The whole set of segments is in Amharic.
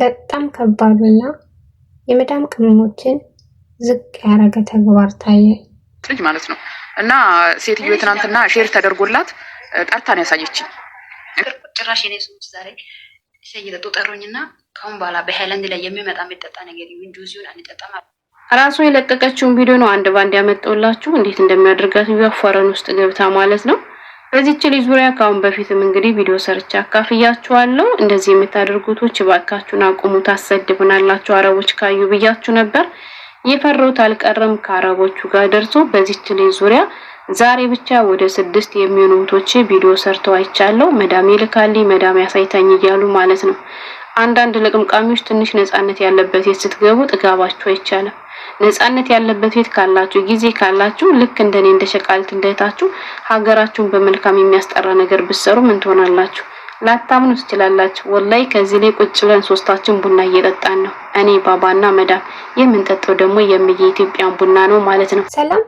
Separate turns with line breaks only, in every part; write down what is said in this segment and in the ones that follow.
በጣም ከባዱና የመዳም ቅመሞችን ዝቅ ያደረገ ተግባር ታየ
ልጅ ማለት ነው። እና ሴትዮ ትናንትና ሼር ተደርጎላት ጠርታን ያሳየችኝ
ጭራሽ የኔ ሰዎች ዛሬ ሻይ እየጠጡ ጠሩኝና ከአሁን በኋላ በሃይላንድ ላይ የሚመጣ የሚጠጣ ነገር ይሁን ጁስ ይሁን አንጠጣም።
ራሱ የለቀቀችውን ቪዲዮ ነው አንድ ባንድ ያመጣውላችሁ እንዴት እንደሚያደርጋት አፏረን ውስጥ ገብታ ማለት ነው። በዚች ልጅ ዙሪያ ከአሁን በፊትም እንግዲህ ቪዲዮ ሰርቼ አካፍያችኋለሁ። እንደዚህ የምታደርጉቶች እባካችሁን አቁሙ፣ ታሰድቡናላችሁ አረቦች ካዩ ብያችሁ ነበር። የፈሩት አልቀረም ከአረቦቹ ጋር ደርሶ በዚች ልጅ ዙሪያ ዛሬ ብቻ ወደ ስድስት የሚሆኑ እህቶች ቪዲዮ ሰርተው አይቻለሁ። መዳም ልካልኝ መዳም ያሳይታኝ እያሉ ማለት ነው። አንዳንድ ለቅምቃሚዎች ትንሽ ነጻነት ያለበት የት ስትገቡ ጥጋባችሁ አይቻልም። ነጻነት ያለበት ቤት ካላችሁ ጊዜ ካላችሁ ልክ እንደኔ እንደ ሸቃልት እንደታችሁ ሀገራችሁን በመልካም የሚያስጠራ ነገር ብትሰሩ ምን ትሆናላችሁ? ላታምኑ ትችላላችሁ። ወላይ ከዚህ ላይ ቁጭ ብለን ሶስታችን ቡና እየጠጣን ነው፣ እኔ ባባና መዳም። የምንጠጣው ደግሞ የምየ ኢትዮጵያን ቡና ነው ማለት ነው።
ሰላም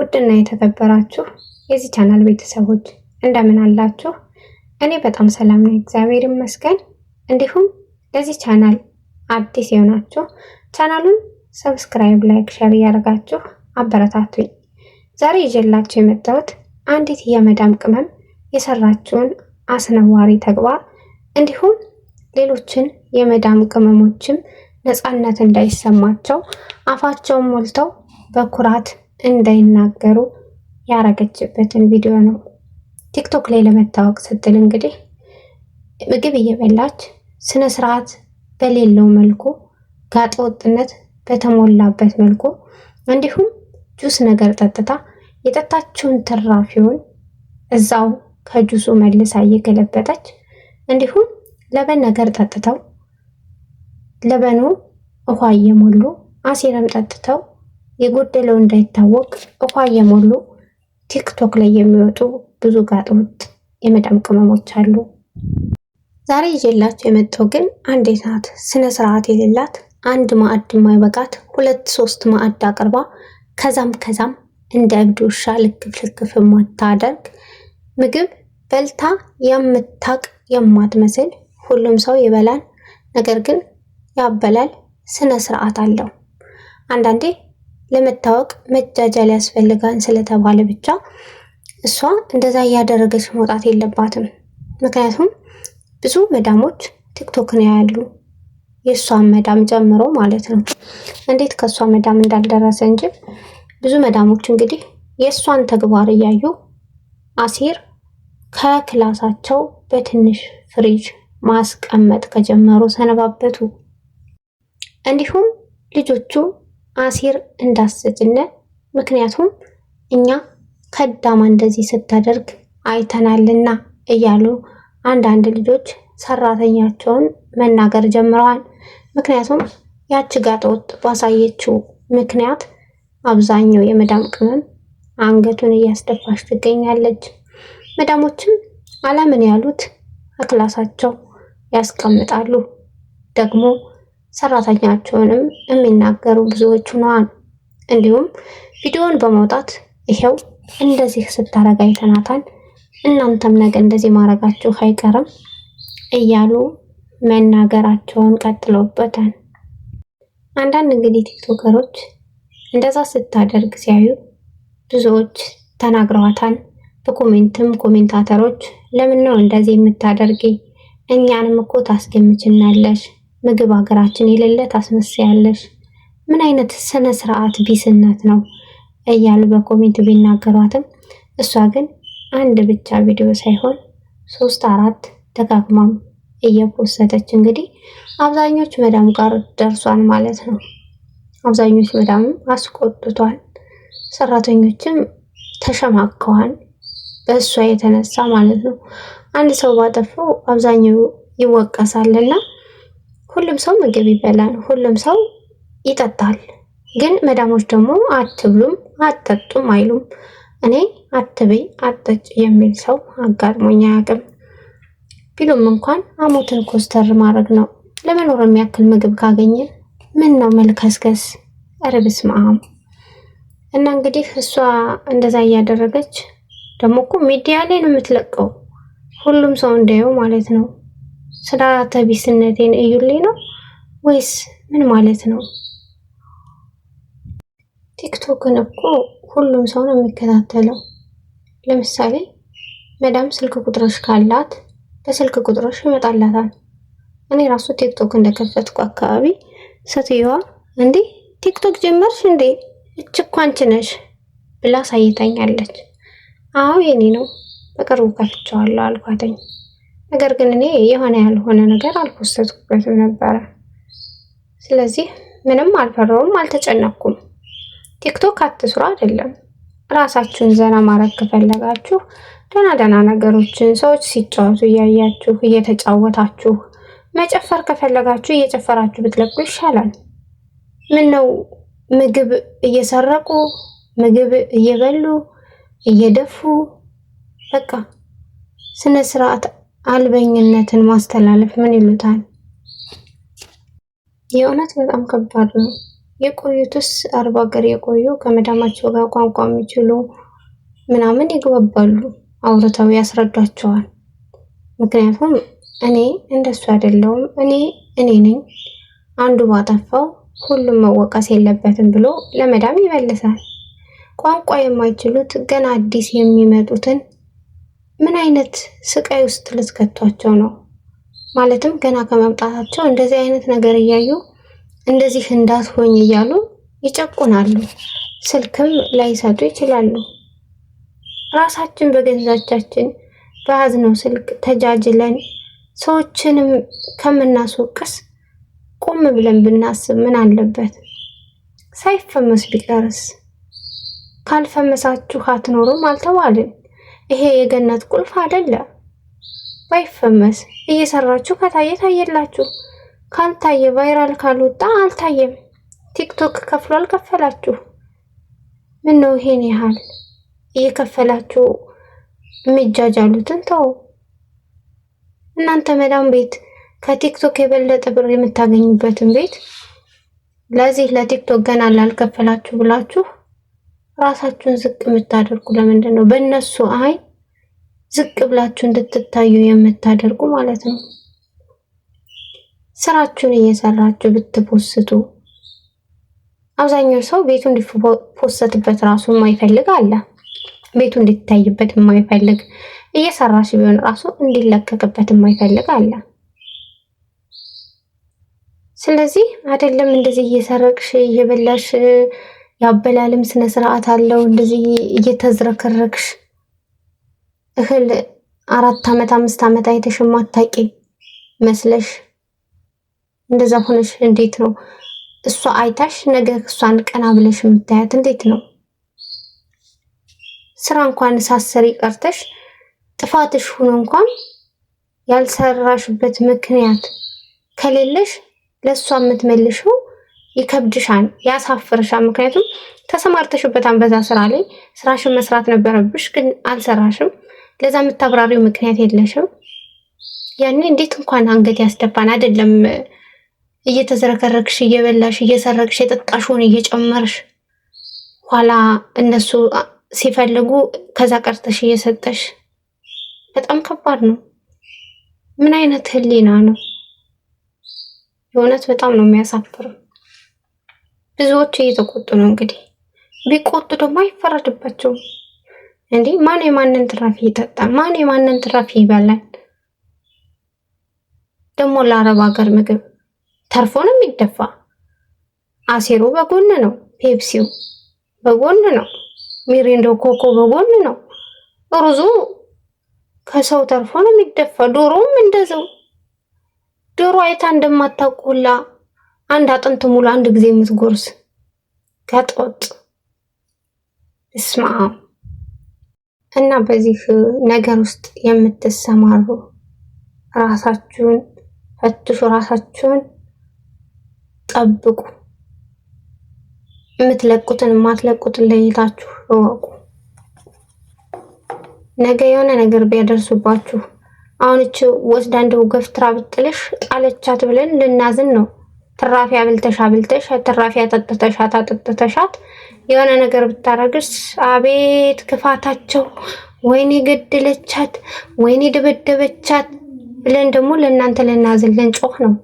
ውድና የተከበራችሁ የዚህ ቻናል ቤተሰቦች እንደምን አላችሁ? እኔ በጣም ሰላም ነው፣ እግዚአብሔር ይመስገን። እንዲሁም ለዚህ ቻናል አዲስ የሆናችሁ ቻናሉን ሰብስክራይብ፣ ላይክ፣ ሸር እያደረጋችሁ አበረታቱኝ። ዛሬ ይዤላችሁ የመጣሁት አንዲት የመዳም ቅመም የሰራችውን አስነዋሪ ተግባር እንዲሁም ሌሎችን የመዳም ቅመሞችም ነፃነት እንዳይሰማቸው አፋቸውን ሞልተው በኩራት እንዳይናገሩ ያረገችበትን ቪዲዮ ነው። ቲክቶክ ላይ ለመታወቅ ስትል እንግዲህ ምግብ እየበላች ስነ ስርዓት በሌለው መልኩ ጋጠወጥነት ወጥነት በተሞላበት መልኩ እንዲሁም ጁስ ነገር ጠጥታ የጠጣችውን ትራፊውን እዛው ከጁሱ መልሳ እየገለበጠች እንዲሁም ለበን ነገር ጠጥተው ለበኑ ውሃ እየሞሉ አሴረም ጠጥተው የጎደለው እንዳይታወቅ ውሃ እየሞሉ ቲክቶክ ላይ የሚወጡ ብዙ ጋጠወጥ የመዳም ቅመሞች አሉ። ዛሬ ይዤላችሁ የመጣው ግን አንዲት ናት ስነ ስርዓት የሌላት አንድ ማዕድ የማይበቃት ሁለት ሶስት ማዕድ አቅርባ ከዛም ከዛም እንደ እብድ ውሻ ልክፍ ልክፍ የማታደርግ ምግብ በልታ የምታቅ የማትመስል ሁሉም ሰው ይበላል። ነገር ግን ያበላል ስነ ስርዓት አለው። አንዳንዴ ለመታወቅ መጃጃ ሊያስፈልጋን ስለተባለ ብቻ እሷ እንደዛ እያደረገች መውጣት የለባትም። ምክንያቱም ብዙ መዳሞች ቲክቶክን ያያሉ የእሷን መዳም ጨምሮ ማለት ነው። እንዴት ከእሷ መዳም እንዳልደረሰ እንጂ ብዙ መዳሞች እንግዲህ የእሷን ተግባር እያዩ አሲር ከክላሳቸው በትንሽ ፍሪጅ ማስቀመጥ ከጀመሩ ሰነባበቱ። እንዲሁም ልጆቹ አሲር እንዳሰጅነ ምክንያቱም እኛ ከዳማ እንደዚህ ስታደርግ አይተናልና እያሉ አንዳንድ ልጆች ሰራተኛቸውን መናገር ጀምረዋል። ምክንያቱም ያቺ ጋጠወጥ ባሳየችው ምክንያት አብዛኛው የመዳም ቅመም አንገቱን እያስደፋች ትገኛለች። መዳሞችም አለምን ያሉት ከክላሳቸው ያስቀምጣሉ። ደግሞ ሰራተኛቸውንም የሚናገሩ ብዙዎች ሆነዋል። እንዲሁም ቪዲዮውን በማውጣት ይሄው እንደዚህ ስታረጋ አይተናታል። እናንተም ነገ እንደዚህ ማረጋችሁ አይቀርም እያሉ መናገራቸውን ቀጥለውበታል። አንዳንድ እንግዲህ ቲክቶከሮች እንደዛ ስታደርግ ሲያዩ ብዙዎች ተናግረዋታል። በኮሜንትም ኮሜንታተሮች ለምን ነው እንደዚህ የምታደርጊ? እኛንም እኮ ታስገምችናለሽ፣ ምግብ ሀገራችን የሌለ ታስመስያለሽ። ምን አይነት ስነ ስርዓት ቢስነት ነው እያሉ በኮሜንት ቢናገሯትም እሷ ግን አንድ ብቻ ቪዲዮ ሳይሆን ሶስት አራት ደጋግማም እየወሰደች እንግዲህ አብዛኞች መዳም ጋር ደርሷል ማለት ነው። አብዛኞቹ መዳም አስቆጥቷል፣ ሰራተኞችም ተሸማቀዋል በእሷ የተነሳ ማለት ነው። አንድ ሰው ባጠፋው አብዛኛው እና ሁሉም ሰው ምግብ ይበላል፣ ሁሉም ሰው ይጠጣል። ግን መዳሞች ደግሞ አትብሉም አትጠጡም አይሉም። እኔ አትበይ አትጠጭ የሚል ሰው አጋጥሞኝ አያውቅም። ቢሉም እንኳን አሞትን ኮስተር ማድረግ ነው። ለመኖር የሚያክል ምግብ ካገኘን ምን ነው መልከስከስ? ኧረ በስመ አብ! እና እንግዲህ እሷ እንደዛ እያደረገች ደግሞ እኮ ሚዲያ ላይ ነው የምትለቀው፣ ሁሉም ሰው እንዳየው ማለት ነው። ስርዓተ ቢስነቴን እዩልኝ ነው ወይስ ምን ማለት ነው? ቲክቶክን እኮ ሁሉም ሰው ነው የሚከታተለው። ለምሳሌ መዳም ስልክ ቁጥሮች ካላት በስልክ ቁጥሮች ይመጣላታል። እኔ ራሱ ቲክቶክ እንደከፈትኩ አካባቢ ሴትዮዋ እንዴ ቲክቶክ ጀመርሽ እንዴ እችኳ አንቺ ነሽ ብላ ሳይታኛለች። አዎ የኔ ነው በቅርቡ ከፍቼዋለሁ አልኳተኝ። ነገር ግን እኔ የሆነ ያልሆነ ነገር አልፖስተትኩበትም ነበረ። ስለዚህ ምንም አልፈራውም፣ አልተጨነኩም። ቲክቶክ አትስሩ አይደለም ራሳችሁን ዘና ማድረግ ከፈለጋችሁ ደህና ደህና ነገሮችን ሰዎች ሲጫወቱ እያያችሁ እየተጫወታችሁ መጨፈር ከፈለጋችሁ እየጨፈራችሁ ብትለቁ ይሻላል። ምን ነው ምግብ እየሰረቁ ምግብ እየበሉ እየደፉ በቃ ስነ ስርዓት አልበኝነትን ማስተላለፍ ምን ይሉታል? የእውነት በጣም ከባድ ነው። የቆዩትስ አርባ ሀገር የቆዩ ከመዳማቸው ጋር ቋንቋ የሚችሉ ምናምን ይግባባሉ። አውርተው ያስረዷቸዋል። ምክንያቱም እኔ እንደሱ አይደለውም፣ እኔ እኔ ነኝ፣ አንዱ ባጠፋው ሁሉም መወቀስ የለበትም ብሎ ለመዳም ይመልሳል። ቋንቋ የማይችሉት ገና አዲስ የሚመጡትን ምን አይነት ስቃይ ውስጥ ልትከቷቸው ነው? ማለትም ገና ከመምጣታቸው እንደዚህ አይነት ነገር እያዩ እንደዚህ እንዳትሆኝ እያሉ ይጨቁናሉ። ስልክም ላይሰጡ ይችላሉ። ራሳችን በገዛቻችን በያዝነው ስልክ ተጃጅለን ሰዎችንም ከምናስወቅስ ቆም ብለን ብናስብ ምን አለበት? ሳይፈመስ ቢቀርስ? ካልፈመሳችሁ አትኖሩም አልተባልን? ይሄ የገነት ቁልፍ አይደለ? ባይፈመስ እየሰራችሁ ከታየ ታየላችሁ፣ ካልታየ ቫይራል ካልወጣ አልታየም። ቲክቶክ ከፍሎ አልከፈላችሁ። ምን ነው ይሄን ያህል እየከፈላችሁ የሚጃጃሉትን ተው። እናንተ መዳም ቤት ከቲክቶክ የበለጠ ብር የምታገኙበትን ቤት ለዚህ ለቲክቶክ ገና ላልከፈላችሁ ብላችሁ ራሳችሁን ዝቅ የምታደርጉ ለምንድን ነው? በእነሱ አይ ዝቅ ብላችሁ እንድትታዩ የምታደርጉ ማለት ነው። ስራችሁን እየሰራችሁ ብትፖስቱ አብዛኛው ሰው ቤቱ እንዲፖሰትበት ራሱ የማይፈልግ አለ። ቤቱ እንዲታይበት የማይፈልግ እየሰራሽ ቢሆን ራሱ እንዲለቀቅበት የማይፈልግ አለ። ስለዚህ አይደለም እንደዚህ እየሰረቅሽ እየበላሽ ያበላልም ስነ ስርዓት አለው። እንደዚህ እየተዝረከረክሽ እህል አራት ዓመት አምስት ዓመት አይተሽ ማታቂ መስለሽ እንደዛ ሆነሽ እንዴት ነው እሷ አይታሽ ነገ እሷን ቀና ብለሽ የምታያት? እንዴት ነው ስራ እንኳን ሳሰሪ ቀርተሽ ጥፋትሽ ሁኖ እንኳን ያልሰራሽበት ምክንያት ከሌለሽ ለእሷ የምትመልሽው ይከብድሻል፣ ያሳፍርሻል። ምክንያቱም ተሰማርተሽበታል በዛ ስራ ላይ ስራሽን መስራት ነበረብሽ፣ ግን አልሰራሽም። ለዛ የምታብራሪው ምክንያት የለሽም። ያኔ እንዴት እንኳን አንገት ያስደፋን አይደለም እየተዝረከረክሽ እየበላሽ እየሰረቅሽ የጠጣሽውን እየጨመርሽ ኋላ እነሱ ሲፈልጉ ከዛ ቀርተሽ እየሰጠሽ በጣም ከባድ ነው። ምን አይነት ህሊና ነው? የእውነት በጣም ነው የሚያሳፍረው። ብዙዎች እየተቆጡ ነው። እንግዲህ ቢቆጡ ደግሞ አይፈረድባቸውም። እንዴ ማን የማንን ትራፊ ይጠጣል? ማን የማንን ትራፊ ይበላል? ደግሞ ለአረብ ሀገር ምግብ ተርፎንም ይደፋ። የሚደፋ። አሴሩ በጎን ነው፣ ፔፕሲው በጎን ነው። ሚሪንዳው ኮኮ በጎን ነው። ሩዙ ከሰው ተርፎ ነው የሚደፋ። ዶሮም እንደዛው። ዶሮ አይታ እንደማታቆላ አንድ አጥንት ሙሉ አንድ ጊዜ የምትጎርስ ጋጠወጥ እስማ እና በዚህ ነገር ውስጥ የምትሰማሩ ራሳችሁን ፈትሹ፣ ራሳችሁን ጠብቁ። የምትለቁትን የማትለቁትን ለይታችሁ እወቁ። ነገ የሆነ ነገር ቢያደርሱባችሁ አሁን እች ወስዳ እንደው ገፍትራ ብጥልሽ ጣለቻት ብለን ልናዝን ነው። ትራፊ አብልተሻ ብልተሽ ትራፊ አጠጥተሻት አጠጥተሻት የሆነ ነገር ብታረግስ፣ አቤት ክፋታቸው! ወይኔ ገደለቻት፣ ወይኔ ደበደበቻት ብለን ደግሞ ለእናንተ ልናዝን ልንጮህ ነው።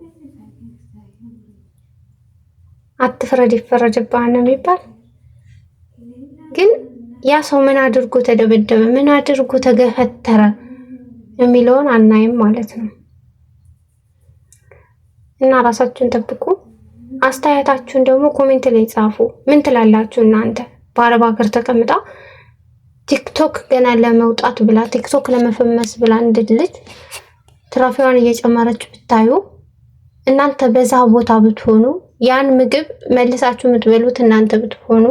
አትፍረድ ይፈረድብሃል ነው የሚባል። ግን ያ ሰው ምን አድርጎ ተደበደበ፣ ምን አድርጎ ተገፈተረ የሚለውን አናይም ማለት ነው። እና ራሳችሁን ጠብቁ። አስተያየታችሁን ደግሞ ኮሜንት ላይ ጻፉ። ምን ትላላችሁ እናንተ? በአረብ ሀገር ተቀምጣ ቲክቶክ ገና ለመውጣት ብላ ቲክቶክ ለመፈመስ ብላ እንድት ልጅ ትራፊዋን እየጨመረች ብታዩ እናንተ በዛ ቦታ ብትሆኑ ያን ምግብ መልሳችሁ የምትበሉት እናንተ ብትሆኑ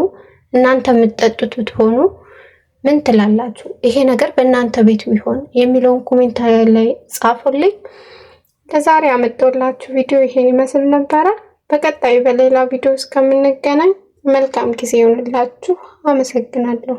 እናንተ የምትጠጡት ብትሆኑ ምን ትላላችሁ? ይሄ ነገር በእናንተ ቤት ቢሆን የሚለውን ኮሜንት ላይ ጻፉልኝ። ለዛሬ ያመጣሁላችሁ ቪዲዮ ይሄን ይመስል ነበረ። በቀጣይ በሌላ ቪዲዮ እስከምንገናኝ መልካም ጊዜ ይሆንላችሁ። አመሰግናለሁ።